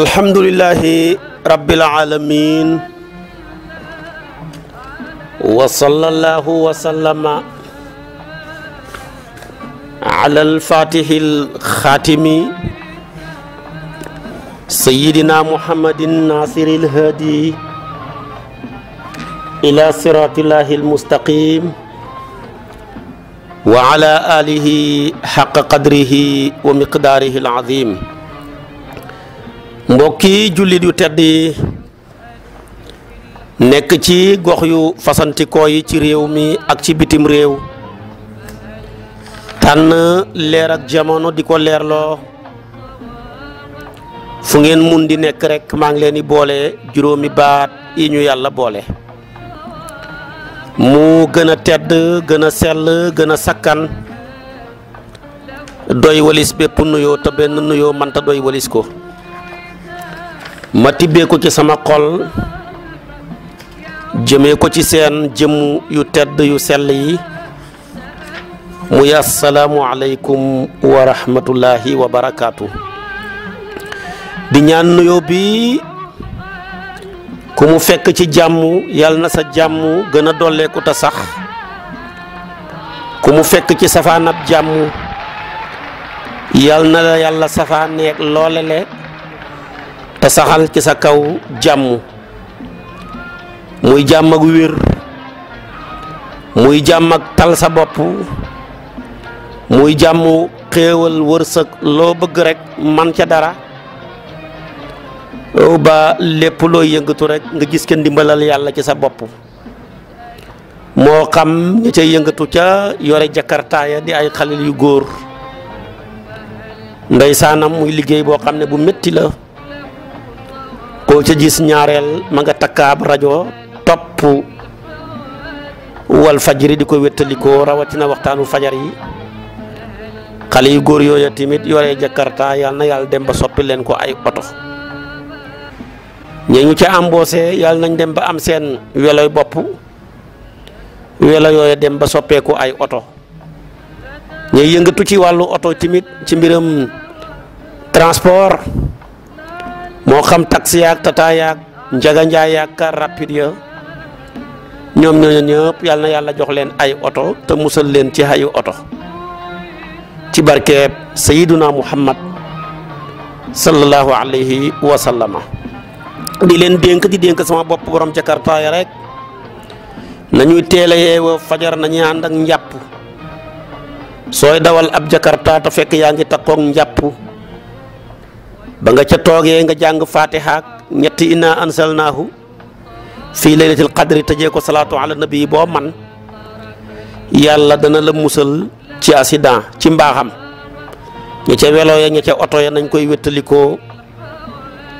الحمد لله رب العالمين وصلى الله وسلم على الفاتح الخاتم سيدنا محمد الناصر الهادي إلى صراط الله المستقيم وعلى آله حق قدره ومقداره العظيم mbokki jullit yu tedd yi nekk ci gox yu fasantikoo yi ci réew mi ak ci bitim réew tànn leer ak jamono di ko leerloo fu ngeen mun di nekk rekk maa ngi leen di boole juróomi baat yi ñu yàlla boole mu gën a tedd gën a sell gën a sakkan doy walis bépp nuyoo te benn nuyoo mënta doy walis ko ma tibbee ko ci sama xol jëmee ko ci seen jëmm yu tedd yu sell yi muy assalaamu aleykum wa rahmatullahi wa barakaatu di ñaan nuyoo bi ku mu fekk ci jàmm yàlla na sa jàmm gën a dolleeku te sax ku mu fekk ci safaanab jàmm yàlla na la yàlla safaaneeg loolele te saxal ci sa kaw jàmm muy jàmm ak wér muy jàmm ak tal sa bopp muy jàmm xéewal wërsëg loo bëgg rek man ca dara ba lépp looy yëngatu rekk nga gis ke ndimbalal yàlla ci sa bopp moo xam ñi ca yëngatu ca yore jakartaaya di ay xalil yu góor ndeysaanam muy liggéey boo xam ne bu metti la koo ca gis ñaareel ma nga takkaab rajo topp wal fajri di ko wéttalikoo rawatina waxtaanu fajar yi xale yu góor yooya timit yore jakarta yal na yàlla dem ba soppi leen ko ay oto ñee ñu ci ambose yàlla nañ dem ba am seen weloy bopp welo yooya dem ba soppeeku ay oto ñee yëngatu ci wàllu oto tamit ci mbiram transport moo xam taxi yaag tata yaag njaay yaag car rapide ya ñoom ñooñu ñëpp yal na yàlla jox leen ay oto te musal leen ci ayu oto ci barkeeb sayiduna muhammad sallallahu alayhi wa sallama di leen dénk di dénk sama bopp borom jakarta ya rek nañuy teel a yeewoo fajar nañuy ànd ak njàpp sooy dawal ab jakarta te fekk yaa ngi takkoog njàpp ba nga ca toogee nga jàng fatiha ñetti inna ansalnaahu fii laylatil qadri tëjee ko salaatu ala nabi boo man yàlla dana la musal ci accident ci mbaaxam ña welo ya ña oto ya nañ koy wéttalikoo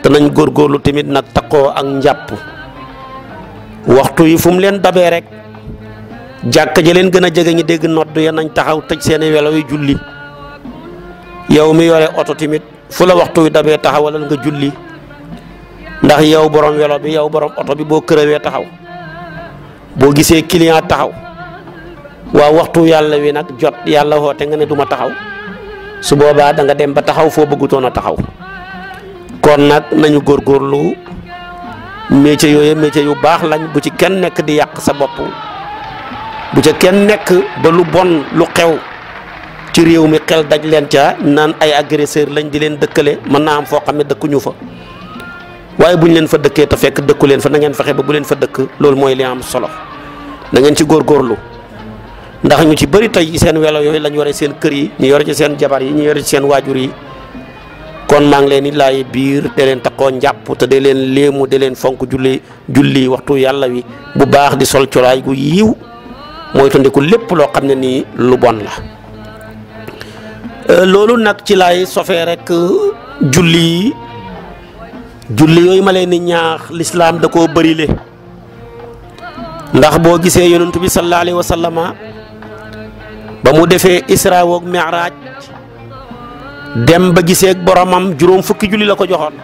danañ góorlu tamit nag takkoo ak njàpp waxtu yi fu mu leen dabee rek jàkk ja leen gën a jege ñi dégg nodd ya nañ taxaw tëj seeni welo yi julli yow mi yore oto tamit fu la waxtu wi taxaw taxawalal nga julli ndax yow borom welo bi yow borom oto bi boo kërëwee taxaw boo gisee client taxaw waaw waxtu yàlla wi nag jot yàlla te nga ne duma taxaw su boobaa da nga dem ba taxaw foo bëggutoon a taxaw kon nag nañu góor góorgóorlu métier yooyu métier yu baax lañ bu ci kenn nekk di yàq sa bopp bu ca kenn nekk ba lu bon lu xew ci réew mi xel daj leen ca naan ay agresseur lañ di leen dëkkale mën naa am foo xam ne dëkkuñu fa waaye bu ñu leen fa dëkkee te fekk dëkku leen fa na ngeen fexe ba bu leen fa dëkk loolu mooy li am solo na ngeen ci góorlu ndax ñu ci bëri tey seen welo yooyu lañ yore seen kër yi ñu yore seen jabar yi ñu yore seen waajur yi kon maa ngi leen di laaj biir te leen taxoo njàpp te de leen léemu de leen fonk julli julli waxtu yàlla wi bu baax di sol colaay gu yiiw mooy lépp loo xam ne nii lu bon la Euh, loolu nag ci lay sofee rek euh, julli julli yooyu ma leen ñaax lislaam da koo bërile ndax boo gisee yonentu bi sallallahu alayhi ba mu defee isra woog mi'raaj dem ba gisee ak boromam juróom fukki julli la ko joxoon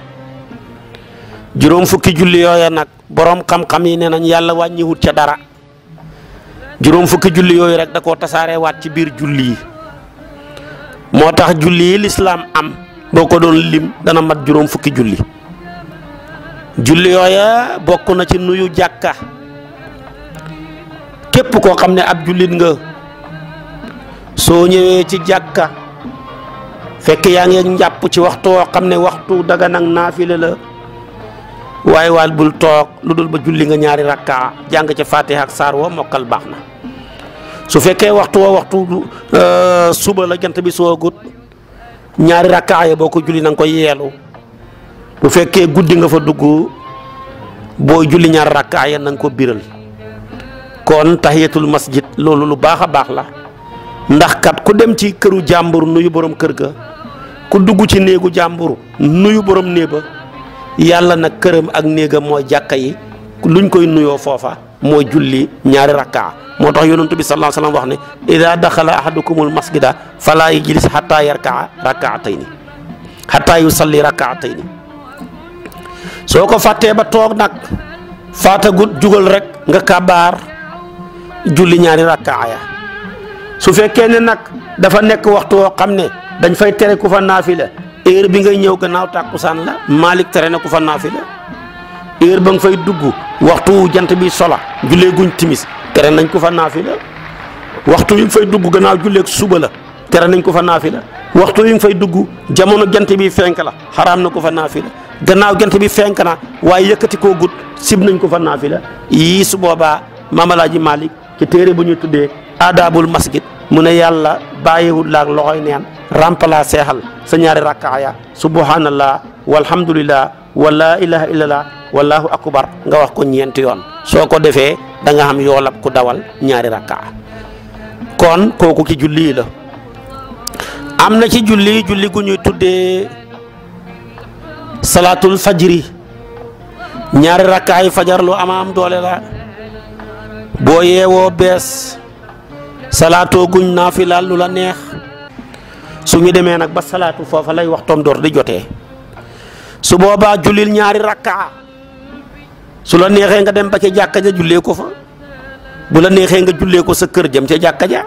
juróom fukki julli yooya nag borom xam-xam yi nee nañ yàlla wàññiwut ca dara juróom fukki julli yooyu rek da koo tasaarewaat ci biir julli yi moo tax julli yi lislaam am boo ko doon lim dana mat juróom fukki julli julli yooya bokk na ci nuyu jàkka képp koo xam ne ab jullit nga soo ñëwee ci jàkka fekk yaa ngi jàpp ci waxtu woo xam ne waxtu daga nag naafile la waaye waal bul toog lu dul ba julli nga ñaari rakka jàng ci fatiha ak saar woo mokkal baax na su fekkee waxtu wa waxtu euh, suba la jant bi soo gut ñaari rakkaaya boo ko julli na ko koy yeelu bu fekkee guddi nga fa dugg boo julli ñaari rakkaaya na nga ko biral kon tahiyatul masjid loolu lu baax a baax la ndax kat ku dem ci këru jàmbur nuyu borom kër ga ku dugg ci néegu jàmbur nuyu borom néeg yàlla nag këram ak néegam mooy jàkka yi luñ koy nuyoo foofa mooy julli ñaari rakkaa moo tax yonentu bi sallallahu alayhi wasallam wax ne ida daxala ahadukumul masjida fala yajlis hatta yarkaa rakaatayni hatta yusalli rakaatayni soo ko fàttee ba toog nag faatagut jugal rek nga kabaar julli ñaari rakkaa ya su fekkee ne nag dafa nekk waxtu woo xam ne dañ fay tere ku fa naafila heure bi ngay ñëw gannaaw tàkkusaan la Malik tere na ku fa naafila heure ba nga fay dugg waxtu jant bi sola jullee guñ timis tere nañ ko fa naafila waxtu yi fay dugg gannaaw julleeg suba la tere nañ ko fa naafila waxtu yi nga fay dugg jamono jant bi fenk la xaraam na ko fa naafila gannaaw jant bi fenk na waaye yëkkati koo gut sib nañ ko fa naafila yii su boobaa Maam Alaaji Malik ci téere bu ñu tuddee aadaabul masjid mune ne yàlla bàyyiwul laak loxoy neen remplacé xal sa ñaari rakkaaya subhanallah walhamdulillah wa laa ilaha illallah akbar nga wax ko ñeenti yoon soo ko defee danga nga xam yoolab ku dawal ñaari rakkaa kon kooku ci julli la am na ci julli julli gu ñuy tuddee salaatul fajri ñaari rakkaayu fajar lu amaam doole la boo yeewoo bees salaatoo guñ naa fi laal lu la neex su ñu demee nag ba salaatu foofa lay waxtoom door di jotee su boobaa jullil ñaari rakkaa su la neexee nga dem ba ca jàkka ja jullee ko fa bu la neexee nga jullee ko sa kër jëm ca jàkka ja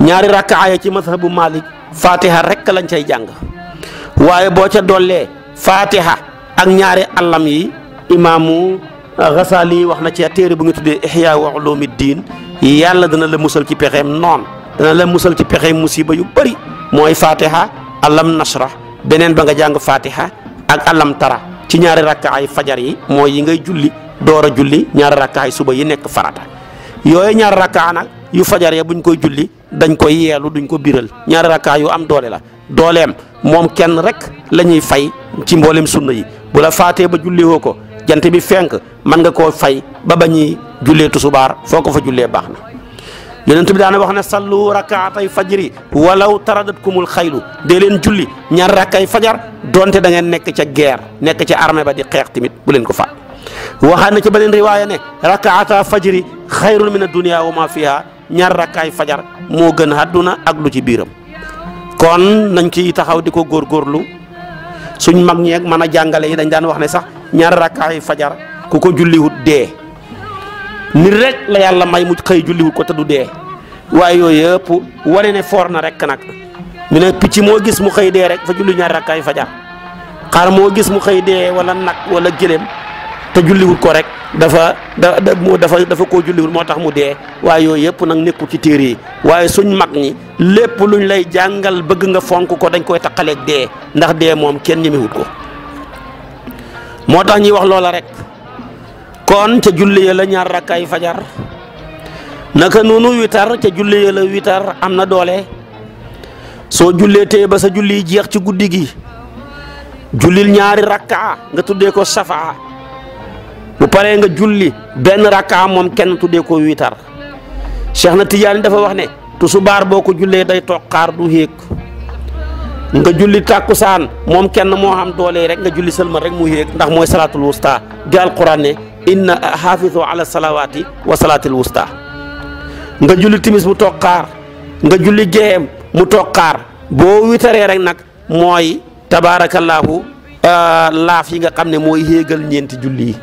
ñaari rakkaa ya ci mazhabu Malik fatiha rekk lañ cay jàng waaye boo ca dollee fatiha ak ñaari allam yi imaamu Ghazali wax na ci téere bu nga tuddee Ihya wa diin yàlla dana la musal ci pexeem noon dana la musal ci pexeem musiba yu bëri mooy fatiha alam nashrah beneen ba nga jàng fatiha ak alam tara ci ñaari rakkaay fajar yi mooy yi ngay julli door a julli ñaari rakkaay suba yi nekk farata yooyu ñaari rakkaa nag yu fajar ya buñ koy julli dañ koy yeelu duñ ko biral ñaari rakkaa yu am doole la dooleem moom kenn rek lañuy ñuy fay ci mboolem sunna yi bu la faatee ba julliwoo ko jant bi fenk mën nga koo fay ba ba ñuy jullee tusubaar foo ko fa jullee baax na yonent bi daana wax ne sallu rakaatay fajri walaw taradatkumul xaylu dee leen julli ñaar rakkay fajar donte da ngeen nekk ca guerre nekk ca armee ba di xeex tamit bu leen ko faat waxaan na ci beneen riwaaya ne rakaata fajri xayrun min addunia wa ma fiha ñaar rakkaay fajar moo gën àdduna ak lu ci biiram kon nañ ciy taxaw di ko góor góorgóorlu suñ mag ñeeg mën a jàngale yi dañ daan wax ne sax ñaari rakkaay fajar ku ko julliwut dee ni rek la yàlla may mu xëy julliwut ko te du dee waaye yooyu yëpp wane ne foor na rek nag mu ne picc moo gis mu xëy dee rek fa julli ñaari rakkaay fajar xaar moo gis mu xëy dee wala nag wala gëléem te julliwut ko rek dafa dafa dafa koo julliwut moo tax mu dee waaye yooyu yëpp nag nekkul ci téere yi waaye suñ mag ñi lépp luñ lay jàngal bëgg nga fonk ko dañ koy taqaleeg dee ndax dee moom kenn ñemewut ko moo tax ñuy wax loola rek kon ca julli ya la ñaar rakkaay fajar naka noonu witar ca julli ya la witar am na doole soo jullee tee ba sa julli jeex ci guddi gi jullil ñaari rakkaa nga tuddee ko safaa bu paree nga julli benn rakkaa moom kenn tuddee ko witar Cheikh na Tidiane dafa wax ne tusubaar boo ko jullee day toog xaar du héeg nga julli tàkkusaan moom kenn moo xam doole rek nga julli sëlmal rek mu yéeg ndax mooy salaatul wusta gi alquran ne inna xaafizu ala wa salaatil wusta nga julli timis mu toog xaar nga julli géem mu toog xaar boo witaree rek nag mooy tabaarakallaahu euh, laaf yi nga xam ne mooy yéegal ñeenti julli yi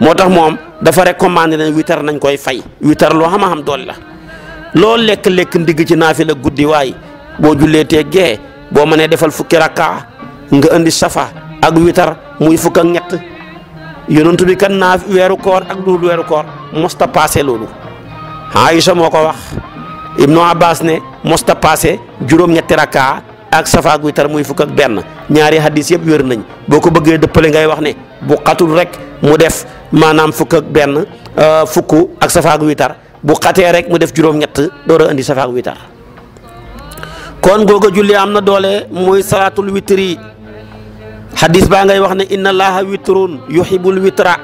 moo tax moom dafa recommandé ne witar nañ koy fay witar loo xam-xam doole la loo lekk-lekk ndigg ci la guddi waay boo jullee tee gee boo mënee defal fukki rakka nga indi safa ak witar muy fukk ak ñett yonent bi kan naa weeru koor ak duul weeru koor mosta passé loolu Aïcha moo ko wax Ibnu Abbas ne mosta passé juróom-ñetti rakka ak safa ak witar muy fukk ak benn ñaari hadis yëpp wér nañ boo ko bëggee dëppale ngay wax ne bu xatul rek mu def maanaam fukk ak benn euh, fukk ak safa ak witar bu xatee rek mu def juróom-ñett door indi safa ak witar kon googa julli am na doole muy salaatul witri xadis baa ngay wax ne inna allaha witrun yuhibul witra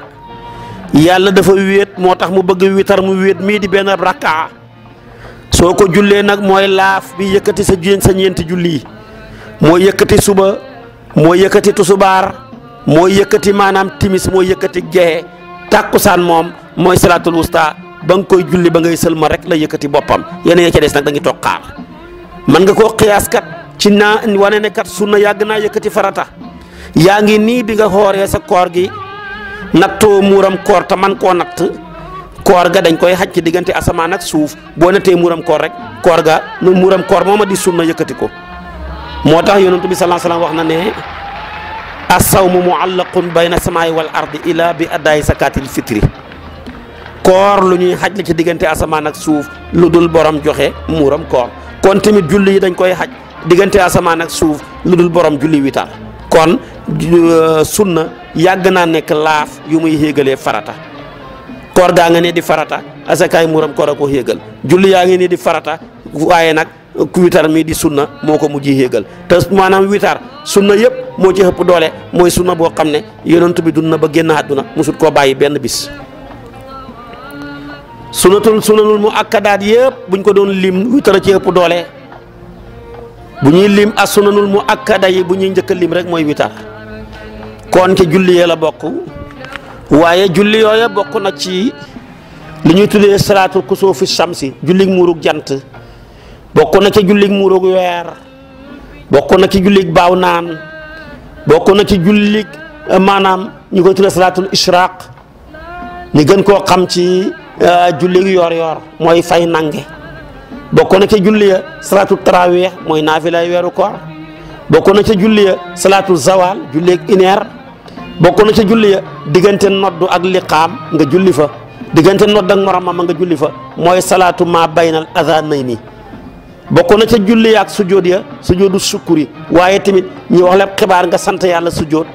yàlla dafa wéet moo tax mu bëgg witar mu wéet mii di benn rakka soo ko jullee nag mooy laaf bi yëkkati sa jén sa ñeenti julli mooy yëkkati suba moo yëkkati tusubaar moo yëkkati maanaam timis moo yëkkati gexe tàkkusaan moom mooy salaatul wusta ba nga koy julli ba ngay ma rek la yëkkati boppam yeneen ya ca des nag da ngi xaar man nga koo xiyaas kat ci naa wane ne kat sunna yàgg naa yëkkati farata yaa ngi nii bi nga xooree sa koor gi nattoo muuram koor te man koo natt koor ga dañ koy xaj ci diggante asamaan ak suuf boo nattee muuram koor rek koor ga muuram koor mooma di sunna yëkkati ko moo tax yonent bi sallallahu alayhi wasallam wax na ne mu as-sawmu mu'allaqun bayna samaa'i wal ardi ila bi sa zakaatil fitri koor lu ñuy xaj la ci diggante asamaan ak suuf lu dul borom joxe muuram koor kon tamit julli yi dañ koy xaj diggante asamaan ak suuf lu dul borom julli witar kon euh, sunna yàgg naa nekk laaf yu muy héegalee farata koor gaa nga ne di farata asakaay muuram koor a ko héegal julli yaa ngi ne di farata waaye nag ku mii di sunna moo ko mujj héegal te maanaam witar sunna yëpp moo ci ëpp doole mooy sunna boo xam ne yonent bi dund na ba génn àdduna musut koo bàyyi benn bis sunatul sunanul mu akkadaat yëpp buñ ko doon lim witara ci ëpp doole bu ñuy lim as sunanul mu akkada yi bu ñuy njëkk a lim rek mooy witar kon ci julli yee la bokk waaye julli yooya bokk na ci li ñuy tuddee salaatul kusuufi shamsi jullig muurug jant bokk na ci jullig muurug weer bokk na ci jullig baaw naan bokk na ci jullig eh, maanaam ñu koy tuddee salaatul ishraq ñu gën koo xam ci Euh, julli yor-yor mooy fay nange bokkoon na ca julli ya salaatu taraweex mooy naafilay weeru koor bokk na ca julli ya salaatu zawal julli ineer bokkoon na ca julli ya diggante ak liqaam nga julli fa diggante nodd ak moromam nga julli fa mooy salaatu ma baynal adhanayni bokk na ca julli ya ak sujood ya sujoodu sukkuri waaye tamit ñi wax lépp xibaar nga sant yàlla sujood.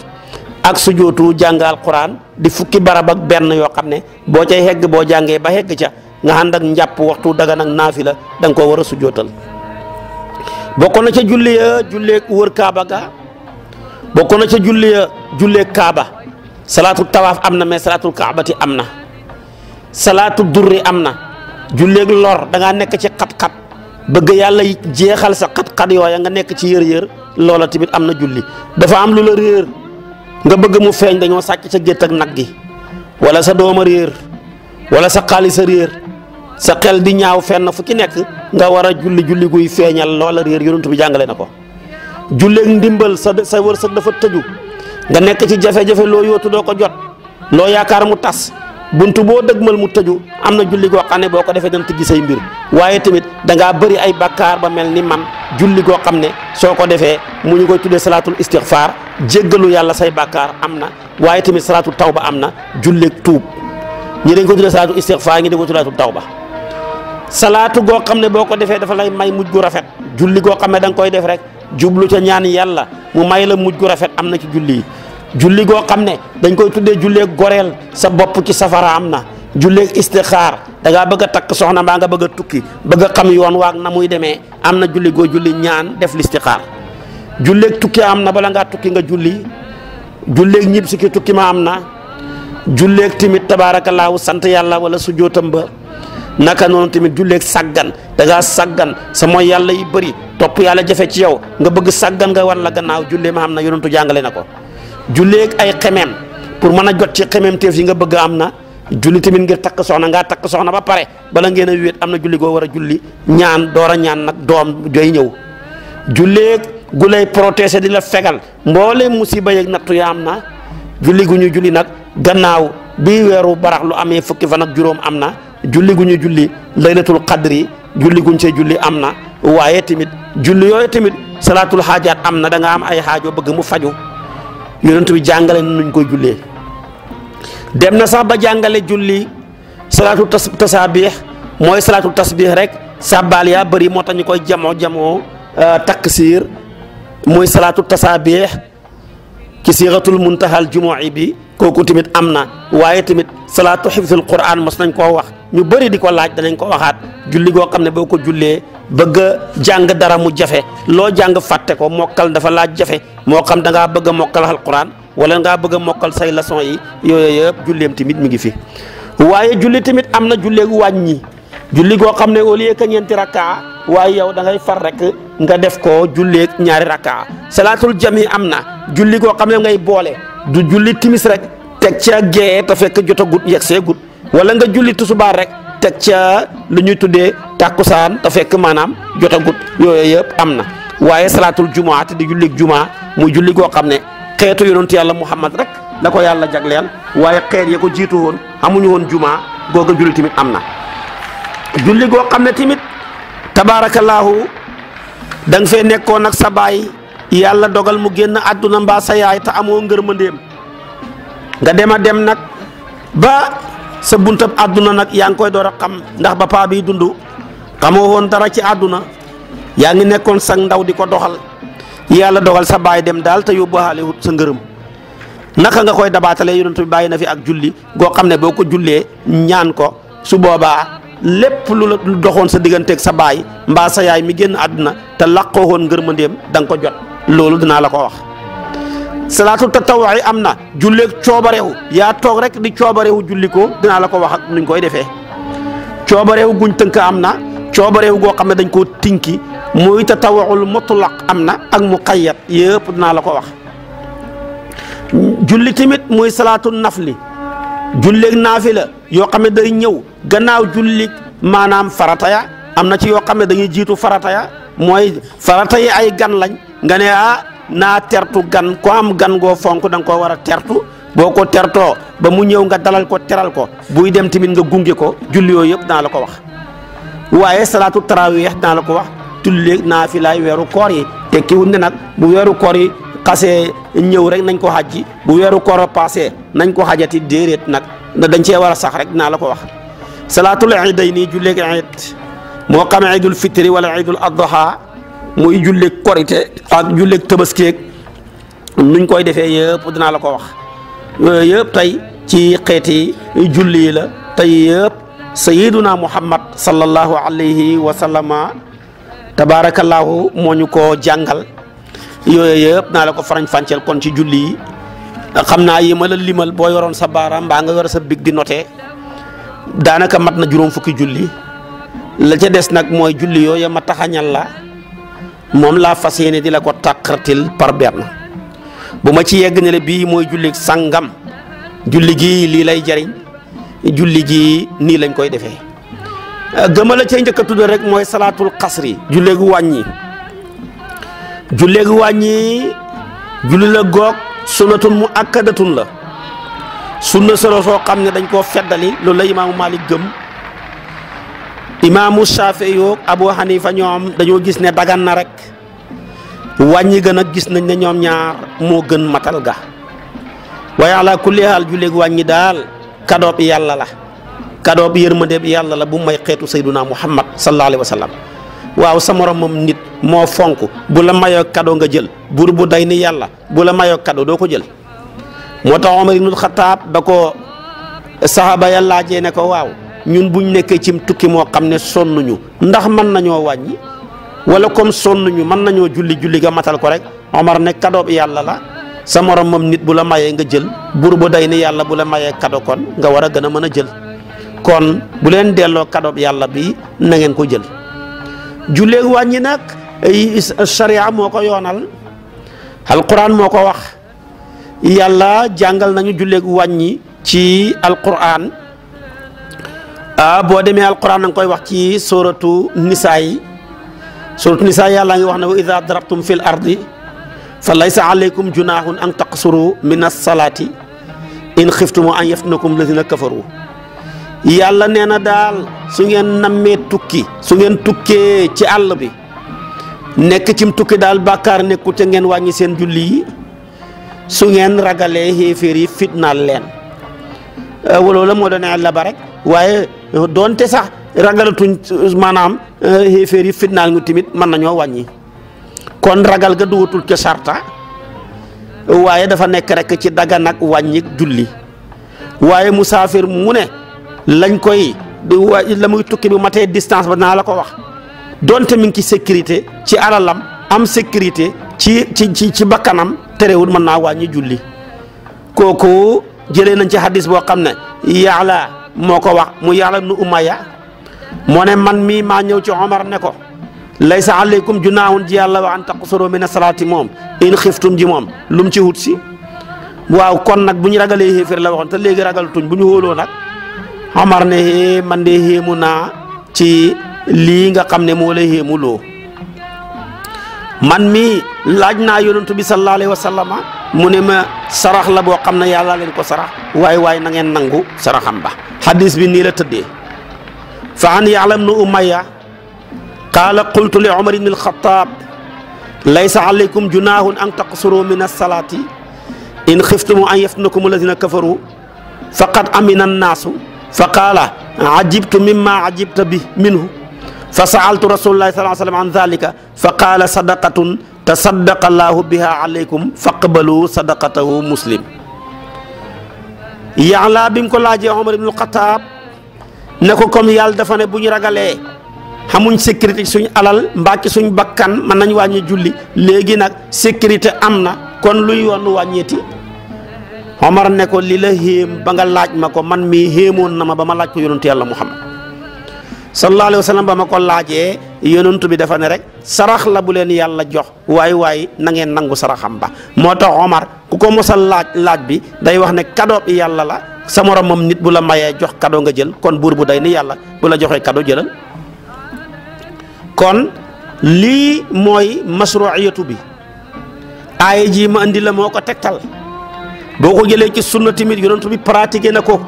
ak sujootu jàngal quran di fukki barab benn yoo xam ne boo cay hegg boo jàngee ba hegg ca nga ànd ak njàpp waxtu dagan ak naafila la danga koo war a sujootal bokkoon na ca julli ya jullee wër kaaba ga bokk na ca julli ya jullee kaaba salaatul tawaaf am na mais salaatul kaabati am na salaatul durri am na julleeg lor da ngaa nekk ci xat-xat yàlla jeexal sa xat nga nekk ci yër-yër loola tamit am na julli dafa am lu la réer nga bëgg mu feeñ dañoo sàcc sa gétt ak nag gi wala sa doom a réer wala sa xaalis a réer sa xel di ñaaw fenn fu ki nekk nga war a julli julli guy feeñal loola réer yonent bi jàngale na ko julleeg ndimbal sa sa wërsëg dafa tëju nga nekk ci jafe-jafe loo yóotu doo ko jot loo yaakaar mu tas bunt boo dëgmal mu tëju am na julli koo xam ne boo ko defee dana tëj say mbir waaye tamit da ngaa bëri ay bakkaar ba mel ni man julli goo xam ne soo ko defee mu ñu koy tuddee salaatul istixfaar jéggalu yàlla say bakkaar am na waaye tamit salaatul tawba am na julleg tuub ñi dañ ko tuddee salaatul istixfaar ñi dañ ko tuddee salaatul tawba salaatu goo xam ne boo ko defee dafa lay may mujj gu rafet julli koo xam ne da nga koy def rek jublu ca ñaan yàlla mu may la mujj gu rafet am na ci julli yi julli goo xam ne dañ koy tuddee julleeg goreel sa bopp ci safara am na julleeg istixaar da ngaa bëgg a takk soxna baa nga bëgg a tukki bëgg a xam yoon waag na muy demee am na julli goo julli ñaan def listixaar julleeg tukki am na bala ngaa tukki nga julli julleeg ñib si ki tukki ma am na julleeg tamit tabaarakallaahu sant yàlla wala sujootam ba naka noonu tamit julleeg sàggan da ngaa sàggan sa mooy yàlla yi bëri topp yàlla jafe ci yow nga bëgg sàggan nga war la gannaaw julli ma am na yonentu jàngale na ko julleeg ay xemeem pour mën a jot ci xemeem teef yi nga bëgg am na julli tamit ngir takk soxna ngaa takk soxna ba pare bala ngeen a wéet am na julli goo war a julli ñaan door a ñaan nag doom joy ñëw julleeg gu lay protéger di la fegal mboole musiba yeeg nattu ya am na julli gu ñu julli nag gannaaw bi weeru barax lu amee fukki fan ak juróom am na julli gu ñu julli laylatul qadri julli see julli am na waaye tamit julli yooyu tamit salaatul xaajaat am na da nga am ay xaajo bëgg mu faju yonent bi jàngale nuñ koy jullee dem na sax ba jàngale julli salaatu tas tasaabiix mooy salaatu tasbiix rek sàbbaal yaa bëri moo tax ñu koy jamoo jamoo euh, taksiir muy salaatu tasaabiix ci siixatul muntahaal jumu'i bi kooku tamit am na waaye tamit salaatu xifsul quraan mos nañ koo wax ñu bëri di ko laaj danañ ko waxaat julli goo xam ne boo ko jullee bëgg a jàng dara mu jafe loo jàng fàtte ko mokkal dafa laaj jafe moo xam da ngaa bëgg a mokkal alquran wala ngaa bëgg a mokkal say leçon yi yooyu yëpp julleem tamit mu ngi fi waaye julli tamit am na julleegu wàññi julli koo xam ne au lieu que ñeenti rakkaa waaye yow da ngay far rek nga def ko julleeg ñaari rakkaa salaatul jami am na julli goo xam ngay boole du julli timis rek teg ca gee te fekk jotagut yegg seegut wala nga julli tusubaar rek. teg ca lu ñuy tuddee tàkkusaan ta fekk maanaam jotagut yooyu yëpp am na waaye salaatul jumaa te di jullig jumaa muy julli goo xam ne xeetu yonentu yàlla muhammad rek la ko yàlla jagleel waaye xeet ya ko jiitu woon amuñu woon jumaa googa julli tamit am na julli goo xam ne tamit tabaarakallaahu da nga fee nekkoon ak sa baay yàlla dogal mu génn àdduna mbaa sa yaay te amoo ngërmandeem nga dem dem nag ba sa buntab àdduna nag yaa ngi koy door a xam ndax ba paa biy dund xamoo woon dara ci àdduna yaa ngi nekkoon sa ndaw di ko doxal yàlla dogal sa baay dem daal te yóbbuwaale wut sa ngërëm naka nga koy dabaatalee yonent bi bàyyi na fi ak julli goo xam ne boo ko jullee ñaan ko su boobaa lépp lu la doxoon sa digganteek sa baay mbaa sa yaay mi génn àdduna te làqoo woon ngërmandeem da nga ko jot loolu dinaa la ko wax. salaatu tatawwaay am na julleeg coobareewu yaa toog rek di coobareewu julli ko dinaa la ko wax ak nuñ koy defee coobareewu guñ tënk am na coobareewu goo xam ne dañ koo tinki muy tatawwaul mutlaq am na ak mu qayyat yëpp dinaa la ko wax. julli tamit muy salaatu nafli julleeg naafila yoo xam ne day ñëw gannaaw julli maanaam farataya am na ci yoo xam ne dañuy jiitu farataya mooy farata yi ay gan lañ nga ne ah naa tertu gan ko am gan goo fonk da nga koo war a tertu boo ko tertoo ba mu ñëw nga dalal ko teral ko buy dem tamit nga gunge ko jullio yëpp naa la ko wax waaye salaatu taraweex naa la ko wax tulli naa fi laay weeru koor yi te kiwut ne nag bu weeru koor yi kase ñëw rek nañ ko xajji bu weeru koor a nañ ko xajati déeréet nag dañ cee war a sax rek naa la ko wax salaatul iidayni julleeg iid moo xam iidul fitri wala iidul adha muy julleeg korite ak julleeg tëbaskeeg nuñ koy defee yëpp dinaa la ko wax yëpp tey ci xeeti julli yi la tey yëpp sayiduna muhammad sallallahu alayhi wa sallama tabaarakallaahu moo ñu ko jàngal yooyu yëpp naa la ko farañ fànceel kon ci julli yi xam naa yi ma limal boo yoroon sa baaraam mbaa nga yor sa big di noté daanaka mat na juróom fukki julli la ca des nag mooy julli yooyu ma taxañal la moom laa fas yéene di la ko tàqartil par benn bu ma ci yegg ne la bii mooy julli sàngam julli gi lii lay jariñ julli gi nii lañ koy defee gëma la cay njëkk rek mooy salaatul xasri julleegu wàññi julleegu wàññi julli la goog sunnatun mu akkadatun la sunna solo soo xam ne dañ koo feddali loolu la imaamu Malik gëm imaamu Shaafi Abu Hanifa ñoom dañoo gis ne dagan na rek wàññi gën gis nañ ne ñoom ñaar moo gën matal ga waaye ala kulli haal ju léegi wàññi daal kadoob yàlla la kadoob yërmandeeb yàlla la bu may xeetu sayduna muhammad sallallahu alayhi waaw sa moromam nit moo fonk bu la mayoo kado nga jël buur bu day ni yàlla bu la mayoo kado doo ko jël moo tax Omar ibnul Xataab ba ko saxaaba ya laajee ne ko waaw ñun bu ñu nekkee cim tukki moo xam ne sonnuñu ndax mën nañoo wàññi wala comme sonnuñu mën nañoo julli julli nga matal ko rek Omar ne kadoob yàlla la sa morom moom nit bu la mayee nga jël buur bu day ni yàlla bu la mayee kado kon nga war a gën a mën a jël kon bu leen delloo kadoob yàlla bi nangeen ko jël julleeg wàññi nag charia moo ko yoonal alquran moo ko wax yàlla jàngal nañu julleeg wàññi ci alquran ah boo demee alquran na nga koy wax ci suratu nisaa yi suratu nisaa yàlla ngi wax ne wa ida darabtum fil ardi fa laysa alaykum junahun an taqsuru min as-salati in xiftumu an yaftinakum lazina kafaru yàlla nee na daal su ngeen nammee tukki su ngeen tukkee ci àll bi nekk cim tukki daal bàkkaar nekku te ngeen wàññi seen julli yi su ngeen ragalee xéeféer yi fitnaal leen ah, waloolu moo doon àll ba rek waaye doonte sax ragalatuñ maanaam euh, xéeféer yi fitnaal ñu tamit mën nañoo wàññi kon ragal ga duwatul ca sarta waaye dafa nekk rek ci daga nag wàññi julli waaye musaafir mu ne lañ koy la muy tukki bi matee distance ba naa la ko wax donte mi ngi ci sécurité ci alalam am sécurité ci ci ci ci bakkanam terewul mën naa wàññi julli kooku jëlee nañ ci hadis boo xam ne yàlla moo ko wax mu yàlla nu umaya moo ne man mii maa ñëw ci omar ne ko sax laysa ju junaahun ji yàlla wa an taqsuru min asalaati moom in xiftum ji moom lum ci wut si waaw kon nag bu ñu ragalee xéeféer la waxoon te léegi ragal tuñ bu ñu xóoloo nag omar ne man de xéemu naa ci lii nga xam ne moo lay xéemuloo man mii laaj naa yonantu bi sallallahu alayhi wa sallama mu ne ma sarax la boo xam ne yàlla leen ko sarax waaye waaye na ngeen nangu saraxam ba xadis bi nii la tëddee fa an yaalam nu umaya qaala qultu li umar ibn alxataab laysa alaykum junahun an taqsuru min alsalati in xiftumu an yaftinakum alladina kafaru faqad amina annaasu fa qaala ajibtu mimma ajibta bi minhu fa saaltu rasulullahi sallallahu alayhi wa sallam an dhalika fa qaala sadaqatun tasaddaqa allahu biha alaykum faqbalu sadaqatahu muslim yàlla bi mu ko laajee Omar ibnul Xataab ne ko comme yàlla dafa ne bu ñu ragalee xamuñ sécurité suñ alal mbaa ci suñ bakkan mën nañ wàññi julli léegi nag sécurité am na kon luy yoon wàññeeti Omar ne ko li la héem ba laaj ma ko man mi héemoon na ma ba ma laaj ko yonentu yàlla Muhammad sallallahu alayhi wa sallam ba ma ko laajee yonent bi dafa ne rek sarax la bu leen yàlla jox waay waay na ngeen nangu saraxam ba moo tax Omar ku ko mos laaj laaj bi day wax ne cadeau yàlla la sa moromam nit bu la mayee jox kadoo nga jël kon buur bu day ni yàlla bu la joxee cadeau lii mooy masruiyatu bi aaya jii ma indi la moo ko tegtal boo ko jëlee ci sunna tamit yonent bi pratiqué na ko.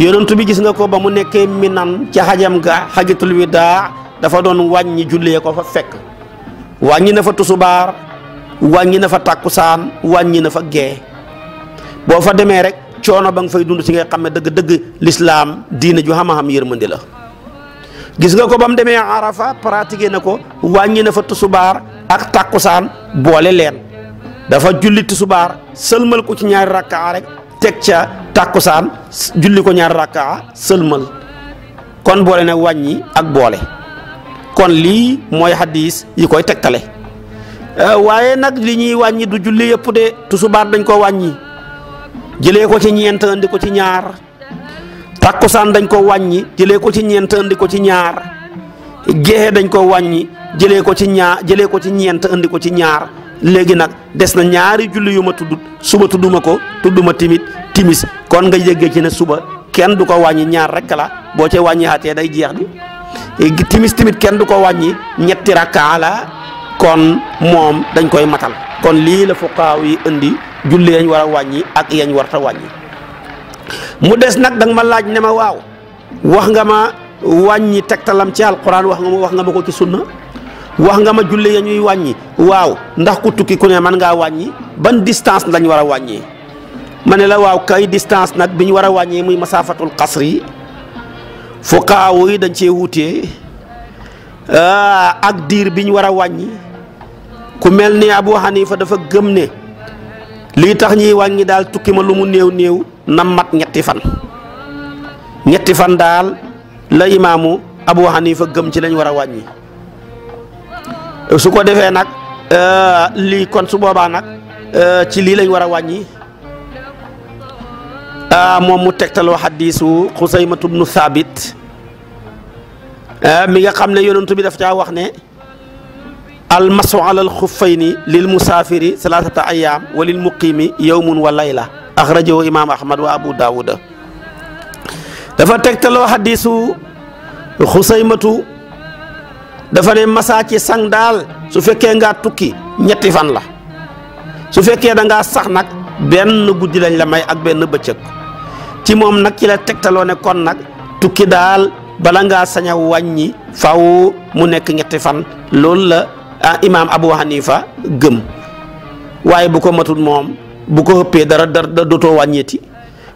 yonent bi gis nga ko ba mu nekkee minan ca xajam ga xajatul widaa dafa doon wàññi jullee ko fa fekk wàññi na fa tusubaar wàññi na fa tàkkusaan wàññi na fa gee boo fa demee rek coono ba nga fay dund si nga xam ne dëgg dëgg lislaam diine ju xam-xam yërmandi la gis nga ko ba mu demee arafa pratiqué na ko wàññi na fa tusubaar ak tàkkusaan boole leen dafa julli tusubaar sëlmal ko ci ñaari rakkaa rek teg ca tàkkusaan julli ko ñaar rakka sëlmal kon boole na wàññi ak boole kon lii mooy hadis yi koy tegtale euh, waaye nag li ñuy wàññi du julli yëpp de tusubaar dañ ko wàññi jële ko ci ñeent andi ko ci ñaar tàkkusaan dañ ko wàññi jëlee ko ci ñeent ko ci ñaar gexe dañ ko wàññi jëlee ko ci ñaar jëlee ko ci ñeent andi ko ci ñaar léegi nag des na ñaari julli yu ma tudd suba tudduma ko tudduma timit timis kon nga yëggee ci ne suba kenn du ko wàññi ñaar rek la boo ci wàññi xatee day jeex di eh, timis timit kenn du ko wàññi ñetti rakkaa la kon moom dañ koy matal kon lii la fuqaaw yi indi julli yañ war a wàññi ak yañ warta wàññi mu des nag danga ma laaj ne ma waaw wax nga ma wàññi tegtalam ci alquran wax nga ma wax nga ma ko ci sunna wax nga ma julli ya ñuy wàññi waaw ndax ku tukki ku ne man ngaa wàññi ban distance lañ war a wàññee ma ne la waaw kay distance nag bi ñu war a wàññee muy masaafatul xasr yi fuqaaw yi dañ cee wuutee ah, ak diir bi ñu war a wàññi ku mel ni Abu Hanifa dafa gëm ne lii tax ñuy wàññi daal tukki ma lu mu néew néew na mat ñetti fan ñetti fan daal la imaamu Abu Hanifa gëm ci lañ war a wàññi. su ko defee nag euh, lii kon su boobaa nag euh, ci lii lañ war a wàññi euh, moom mu tegtaloo xadiisu xusaymatu bnu thabit mi nga xam ne yonentu bi daf caa wax ne al masu alal xuffayni lil musaafiri salaasata ayaam wa lil muqiimi yowmun wa layla axrajahu imaam ahmad wa abu daawuda dafa tegtaloo xadiisu xusaymatu dafa ne masaa ci sang daal su fekkee ngaa tukki ñetti fan la su fekkee da ngaa sax nag benn guddi lañ la may ak benn bëccëg ci moom nag ci la tegtaloo ne kon nag tukki daal bala ngaa sañ wàññi faw mu nekk ñetti fan loolu la imaam Abu Hanifa gëm waaye bu ko matul moom bu ko ëppee dara dara dootoo wàññeeti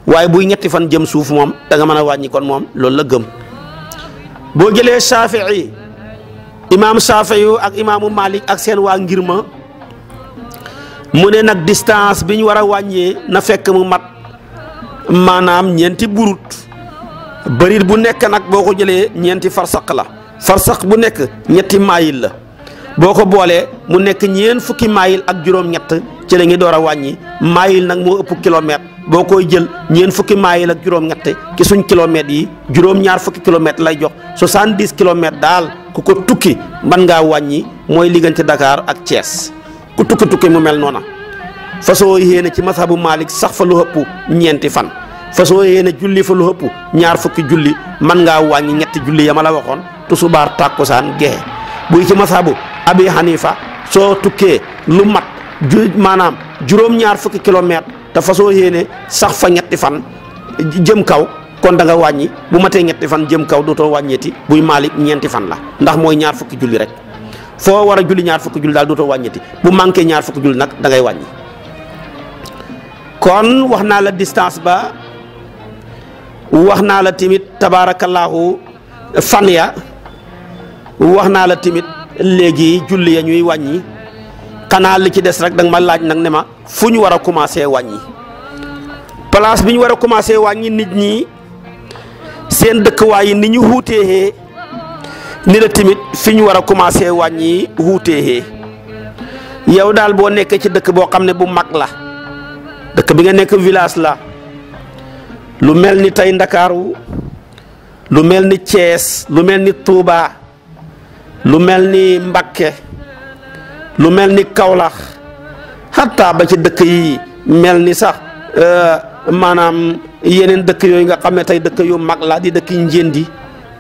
waaye buy ñetti fan jëm suuf moom danga mën a wàññi kon moom loolu la gëm boo jëlee Shaafi'i imaam Saafiyu ak imaamu Malik ak seen waa ngir ma mu ne nag distance bi ñu war a wàññee na fekk mu mat maanaam ñeenti burut bërit bu nekk nag boo ko jëlee ñeenti farsak la farsak bu nekk ñetti maayil la boo ko boolee mu nekk ñeen fukki maayil ak juróom-ñett ci la ngi door a wàññi maayil nag moo ëpp kilomètre boo koy jël ñeent fukki maayil ak juróom-ñett ci suñ kilomètres yi juróom-ñaar fukki kilomètres lay jox soixante-dix kilomètres daal ku ko tukki man ngaa wàññi mooy liggante Dakar ak Thiès ku tukki tukki mu mel noona fasoo yéene ci masabu Malik sax fa lu ëpp ñeenti fan fasoo yéene julli fa lu ëpp ñaar fukki julli mën ngaa wàññi ñetti julli ya ma la waxoon tusubaar tàkkusaan gexe buy ci masabu Abi soo tukkee lu mat. ju maanaam juróom-ñaar fukki kilomètre te fasoo yéene sax fa ñetti fan jëm kaw kon da nga wàññi bu matee ñetti fan jëm kaw dootoo wàññeeti buy maalik ñeenti fan la ndax mooy ñaar fukki julli rek foo war a julli ñaar fukki julli daal dootoo wàññeeti bu manqué ñaar fukki julli nag dangay wàññi kon wax naa la distance ba wax naa la tamit tabaarakallaahu fan ya wax naa la tamit léegi julli ya ñuy wàññi xanaa li ci des rek danga ma laaj nag ne ma fu ñu war a commencé wàññi place bi ñu war a commencé wàññi nit ñi seen dëkkuwaay yi ni ñu wuutee ni la tamit fi ñu war a commencé wàññi wuutee yow daal boo nekkee ci dëkk boo xam ne bu mag la dëkk bi nga nekk village la lu mel ni tey Ndakaaru lu mel ni Thiès lu mel ni Touba lu mel ni Mbakke. lu mel ni Kawlax xataa ba ci dëkk yi mel ni sax euh, maanaam yeneen dëkk yooyu nga xam ne tey dëkk yu mag la di dëkk njëndi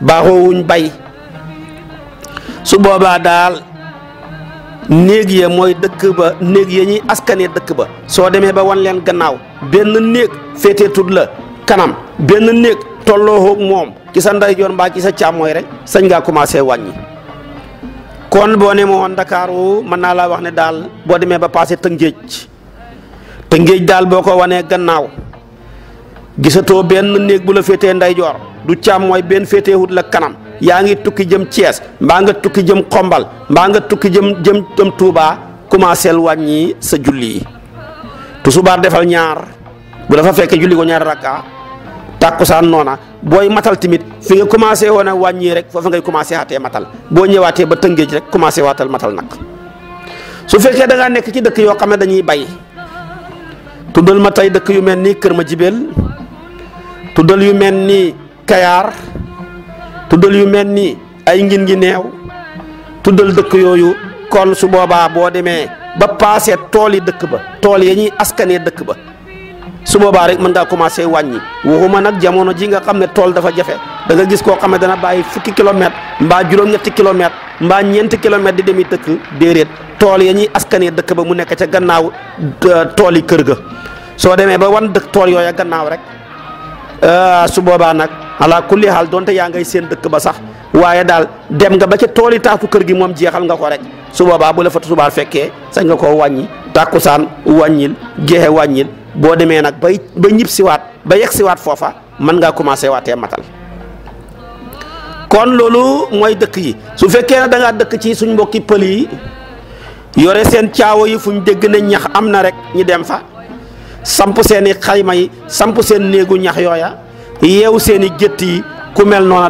baaxoowuñ bay su boobaa daal néeg ya mooy dëkk ba néeg ya ñuy askanee dëkk ba soo demee ba wan leen gannaaw benn néeg féeteetut la kanam benn néeg tolloo hoog moom ci sa ndeyjoor mbaa ci sa càmmooy rek sañ ngaa commencé wàññi. kon boo ne ma woon Ndakaaru mën naa laa wax ne daal boo demee ba passé Tëngéej Tëngéej daal boo ko wanee gannaaw gisatoo benn néeg bu la féetee ndeyjoor du mooy benn féeteewut la kanam yaa ngi tukki jëm Thiès mbaa nga tukki jëm Xombal mbaa nga tukki jëm jëm jëm Touba commencé wàññi sa julli yi tusubaar defal ñaar bu dafa fekkee julli ko ñaari rakka tàkkusaan noona booy matal tamit fi nga commencé woon a wàññi rek foofu ngay commencé xaatee matal boo ñëwaatee ba tëngéej rek commencé waatal matal nag su fekkee da nekk ci dëkk yoo xam ne dañuy bay tuddal ma tey dëkk yu mel ni Kër ma Madiabel tuddal yu mel ni Kayaar tuddal yu mel ni ay ngin ngi neew tuddal dëkk yooyu kon su boobaa boo demee ba paase tool yi dëkk ba tool yi ñuy askanee dëkk ba su boobaa rek mën ngaa commencé wàññi waxuma nag jamono ji nga xam ne tool dafa jafe danga gis koo xam ne dana bàyyi fukki kilomètre mbaa juróom-ñetti kilomètre mbaa ñeenti kilomètre di demi dëkk déedéet tool ya ñuy askanee dëkk ba mu nekk ca gannaaw euh, tool yi kër ga soo demee ba wan dëkk tool yooya gannaaw rek euh, su boobaa nag ala kulli haal donte yaa ngay seen dëkk ba sax waaye daal dem nga ba ca tool yi taatu kër gi moom jeexal nga ko rek su boobaa bu la fa tusubaar fekkee sañ nga koo wàññi tàkkusaan wàññil geexe wàññil boo demee nag ba ba ñib siwaat ba yegg siwaat foofa mën ngaa commencé waatee matal kon loolu mooy dëkk yi su fekkee ne dëkk ci suñ mbokki pël yi yore seen caawo yi fuñ dégg ñax am na rek ñi dem fa samp seen i xayma yi seen néegu ñax yooya yeew seen i gétt yi ku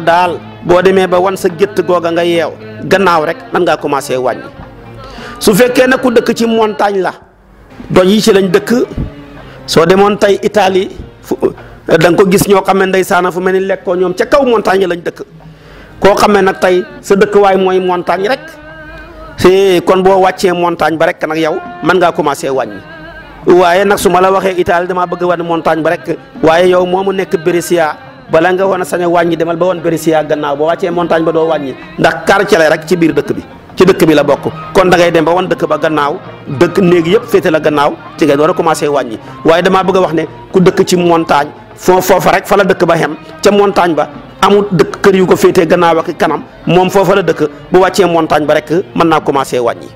daal boo demee ba wan sa gétt googa nga yeew gannaaw rek mën ngaa commencé wàññi fekkee ne dëkk ci montagne la doj yi ci lañ dëkk soo demoon tey Italie fu eh, da nga ko gis ñoo xam ne ndeysaana fu mel ni lekkoo ñoom ca kaw montagne lañ dëkk koo xam ne nag tey sa dëkkwaay mooy montagne rek si kon boo wàccee montagne ba rek nag yow mën ngaa commencé wàññi waaye nag su ma la waxee Italie damaa bëgg wan montagne ba rek waaye yow moomu nekk Brescia bala nga woon a sañ wàññi demal ba woon Brescia gannaaw boo wàccee montagne ba doo wàññi ndax quartier la rek ci biir dëkk bi. ci dëkk bi la bokk kon da ngay dem ba wan dëkk ba gannaaw dëkk néeg yëpp féete la gannaaw ci ngay war a commencé wàññi waaye damaa bëgg a wax ne ku dëkk ci montagne foo foofa rek fa la dëkk ba xem ca montagne ba amul dëkk kër yu ko féetee gannaaw ak kanam moom foofa la dëkk bu wàccee montagne ba rek mën naa commencé wàññi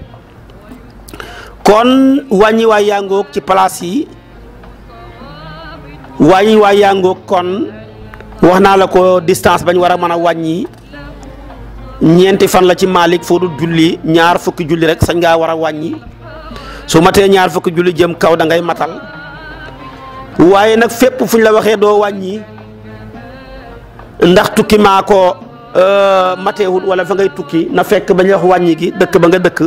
kon wàññi waay yaa ngoog ci place yi wàññi waay yaa ngoog kon wax naa la ko distance bañ war a mën a wàññi ñeenti fan la ci Malik foo dul julli ñaar fukki julli rek sañ ngaa war a wàññi su matee ñaar fukki julli jëm kaw da ngay matal waaye nag fépp fuñ la waxee doo wàññi ndax tukki maa ko euh, mateewul wala fa ngay tukki na fekk bañ wax wàññi gi dëkk ba nga dëkk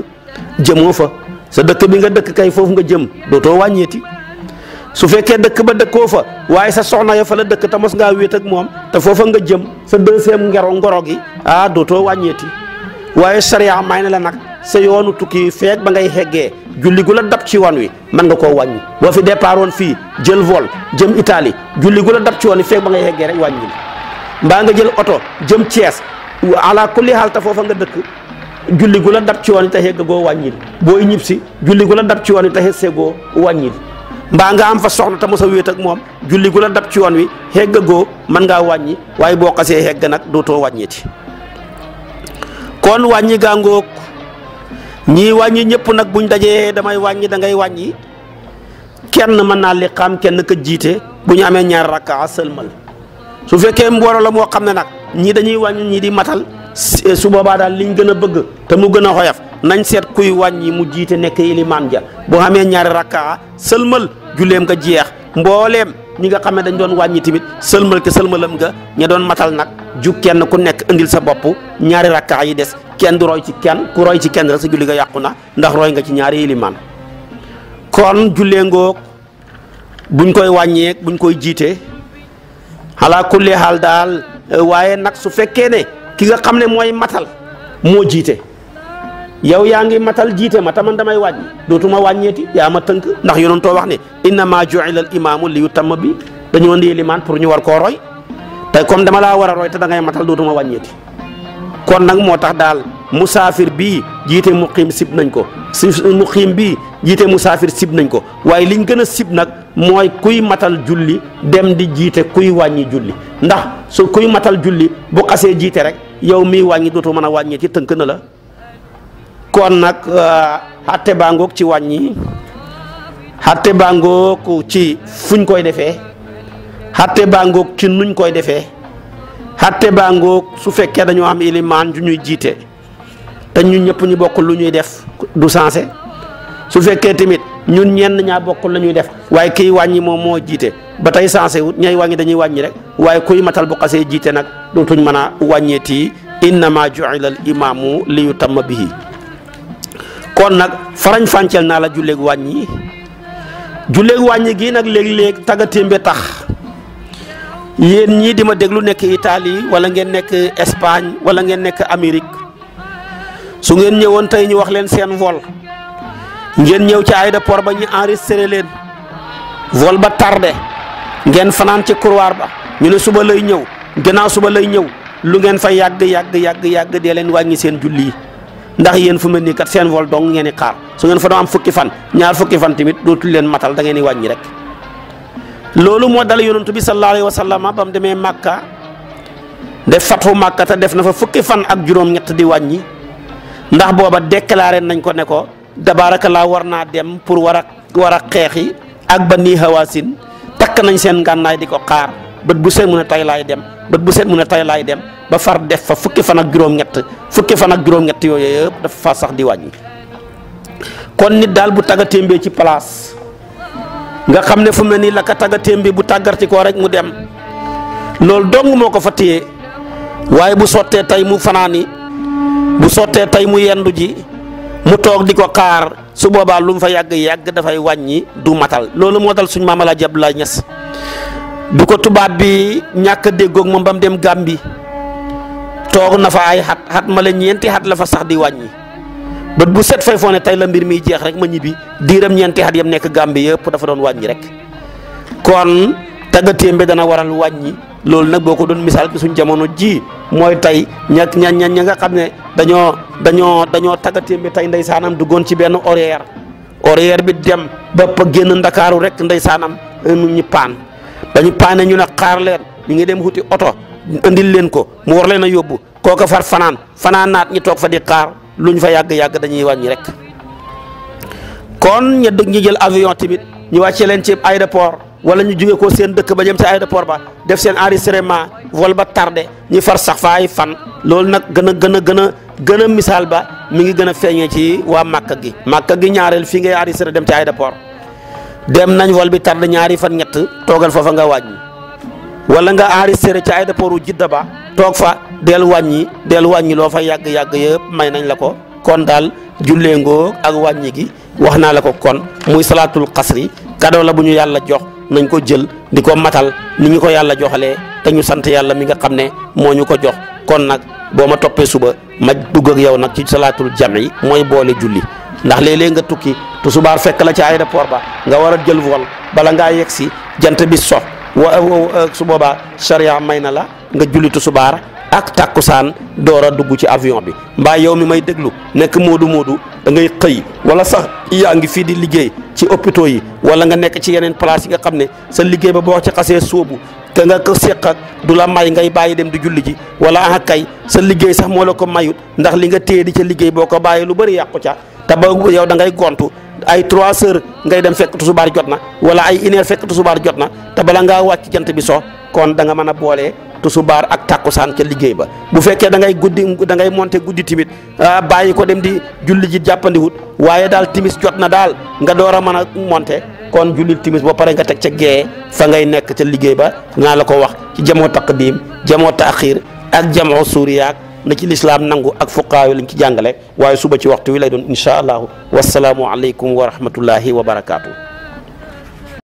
jëmoo fa sa dëkk bi nga dëkk kay foofu nga jëm dootoo wàññeeti. su fekkee dëkk ba dëkkoo fa waaye sa soxna ya fa la dëkk te mos ngaa wéet ak moom te foofa nga jëm sa deuxième ngero ngoro gi ah dootoo wàññeeti waaye sariya may na la nag sa yoonu tukki feek ba ngay xeggee julli gu la dab ci wan wi mën nga koo wàññi boo fi départ fii jël vol jëm Italie julli gu la dab ci wan wi ba ngay xeggee rek wàññi mbaa nga jël oto jëm Thiès ala kulli xaal te foofa nga dëkk julli gu la dab ci wan wi te xeggagoo wàññil booy ñib si julli gu la dab ci wan wi te xegsegoo mbaa nga am fa soxna te mos sa wéet ak moom julli gu la dab ci yoon wi hegg goo man ngaa wàññi waaye boo xasee hegg nag dootoo wàññeeti kon wàññi gàngoog ñii wàññi ñëpp nag buñ dajee damay wàññi dangay wàññi kenn mën naa liqaam kenn ka jiite bu ñu amee ñaar rakkaa sëlmal su fekkee mbooloo la moo xam ne nag ñii dañuy wàññi ñii di matal eh, su boobaa daal liñ gën a bëgg te mu gën a xoyaf nañ seet kuy wàññi mu jiite nekk ilimaan ja boo xamee ñaari rakkaa sëlmal julleem nga jeex mbooleem ñi nga xam ne dañ doon wàññi tamit sëlmal ke sëlmalam nga ña doon matal nag ju kenn ku nekk indil sa bopp ñaari rakkaa yi des kenn du roy ci kenn ku roy ci kenn rek sa julli nga yàqu na ndax roy nga ci ñaari ilimaan kon jullee ngoog buñ koy wàññeek buñ koy jiite ala ku leexal daal waaye nag su fekkee ne ki nga xam ne mooy matal moo jiite yow yaa ngi matal jiite ma taman damay wàññi dootuma wàññeeti yaa ma tënk ndax too wax ne innama ju'ila al imaamu li ma bi dañoo andi limaan pour ñu war koo roy te comme dama laa war a roy te da ngay matal dootuma wàññeeti kon nag moo tax daal musaafir bii jiite muqiim sib nañ ko si muqiim bii jiite musaafir sib nañ ko waaye liñ gën a sib nag mooy kuy matal julli dem di jiite kuy wàññi julli ndax soo kuy matal julli bu xasee jiite rek yow miy wàññi dootoo mën a wàññeeti tënk na la kon nag xatte euh, bangoog ci wàññi xatte bangoog ci fuñ koy defee xatte bangoog ci nuñ koy defee xatte bangoog su fekkee dañoo am ilimaan ju ñuy jiite te ñu ñëpp ñu bokk lu ñuy def du sensé su fekkee tamit ñun ñenn ñaa bokk la ñuy def waaye kiy wàññi moom moo jiite ba tey sensé wut ñay wàññi dañuy wàññi rek waaye kuy matal bu xasee jiite nag dootuñ mën a wàññeeti innama ju'ila al imaamu li yutamma bihi kon nag farañ fànceel naa la julleeg wàññi julleeg wàññi gii nag léegi-léeg léegi taggatémbe tax yéen ñii di ma déglu nekk Italie wala ngeen nekk Espagne wala ngeen nekk Amérique su ngeen ñëwoon tey ñu wax leen seen vol ngeen ñëw ci aéroport ba ñu enregistré leen vol ba tardé ngeen fanaan ci couloir ba ñu ne suba lay ñëw gannaaw suba lay ñëw lu ngeen fa yàgg yàgg yàgg yàgg dee leen wàññi seen julli ndax yéen fu mel nii kat seen vol dong ngeen di xaar su ngeen fa doon am fukki fan ñaar fukki fan tamit dootul leen matal dangeen ngeen di wàññi rek loolu moo dal yonantu bi sallallahu alayhi wa sallam ba mu demee Makka def fatu Makka te def na fa fukki fan ak juróom-ñett di wàññi ndax booba déclaré nañ ko ne ko laa war naa dem pour war a war a xeexi ak ba nii hawaasin takk nañ seen ngànnaay di ko xaar. bët bu seen mu ne tay laay dem bët bu seet mu ne tay laay dem ba far def fa fukki fan ak juróom-ñett fukki fan ak juróom-ñett yooyu yëpp dafa far sax di wàññi kon nit daal bu tàggatémbee ci place nga xam ne fu mu nii la ka tàggatémbi bu tàggarti koo rek mu dem loolu dong moo ko fa téye waaye bu sottee tey mu fanaani bu sottee tey mu yendu ji mu toog di ko xaar su boobaa lu mu fa yàgg yàgg dafay wàññi du matal loolu moo dal suñ maam Alaaji Abdoulaye Ñas bu ko tubaab bi ñàkk déggook ma moom dem Gàmbi toog na fa ay xat xat ma la ñeenti xat la fa sax di wàññi bët bu set fay foo ne tey la mbir mi jeex rek ma ñibbi diiram ñeenti xat yam nekk Gàmbi yëpp dafa doon wàññi rek kon tàggatéem bi dana waral wàññi loolu nag boo ko doon misaal ci suñu jamono ji mooy tey ña ña ña nga xam ne dañoo dañoo dañoo tàggatéem bi tey ndeysaanam duggoon ci benn horaire horaire bi dem ba génn ndakaaru rek ndeysaanam nu dañu paane ñu na xaar leen ñu ngi dem wuti oto andil leen ko mu war leen a yóbbu kooka far fanaan fanaan naat ñi toog fa di xaar luñ fa yàgg-yàgg dañuy wàññi rek kon ña dëgg ñi jël avion tamit ñu wàcce leen ci aéroport wala ñu jugee ko seen dëkk ba jëm ci aéroport ba def seen enregistrement vol ba tardé ñi far sax faay fan loolu nag gën a gën a gën a gën a misaal ba mi ngi gën a feeñee ci waa Màkka gi Màkka gi ñaareel fii ngay enregistré dem ci aéroport dem nañ wal bi tànn ñaari fan ñett toogal foofa nga wàññi wala nga enregistré ca aéroportu Jidda ba toog fa del wàññi del wàññi loo fa yàgg-yàgg yëpp may nañ la ko kon daal jullee ngoo ak wàññi gi wax naa la ko kon muy salaatul xasri cadeau la bu ñu yàlla jox nañ ko jël di ko matal ni ñu ko yàlla joxalee te ñu sant yàlla mi nga xam ne moo ñu ko jox kon nag boo ma toppee suba ma dugg ak yow nag ci salaatul yi mooy boole julli ndax léeg-léeg nga tukki tusubaar fekk la ci aéroport ba nga war a jël vol bala ngaa yegg si jant bi so wa su boobaa charia may na la nga julli tusubaar ak tàkkusaan doora dugg ci avion bi mbaa yow mi may déglu nekk moodu moodu da ngay xëy wala sax yaa ngi fii di liggéey ci hôpitaux yi wala nga nekk ci yeneen place yi nga xam ne sa liggéey ba boo ci xasee sóobu te nga ko séq ak du la may ngay bàyyi dem di julli ji wala ah kay sa liggéey sax moo la ko mayut ndax li nga téye di ca liggéey boo ko bàyyi lu bëri yàqu ca te ba yow da ngay gontu ay trois heures ngay dem fekk tusubaar jot na wala ay une heure fekk tusubaar jot na te bala ngaa wàcc jant bi so kon danga mën a boole tusubaar ak takkusaan ca liggéey ba bu fekkee da ngay guddi da ngay monter guddi timit ah, bàyyi ko dem di julli ji jàppandiwut waaye daal timis jot na daal nga door a mën a monte kon jullit timis boo paree nga teg ca gee fa ngay nekk ca liggéey ba naa la ko wax ci jamoo taqdim jamoo taaxir ak jamoo suuriyaak la ci lislaam nangu ak fuqaayu lañ ci jàngale waaye suba ci waxtu wi lay doon incha allahu wasalaamu aleykum wa rahmatullahi wa barakaatu.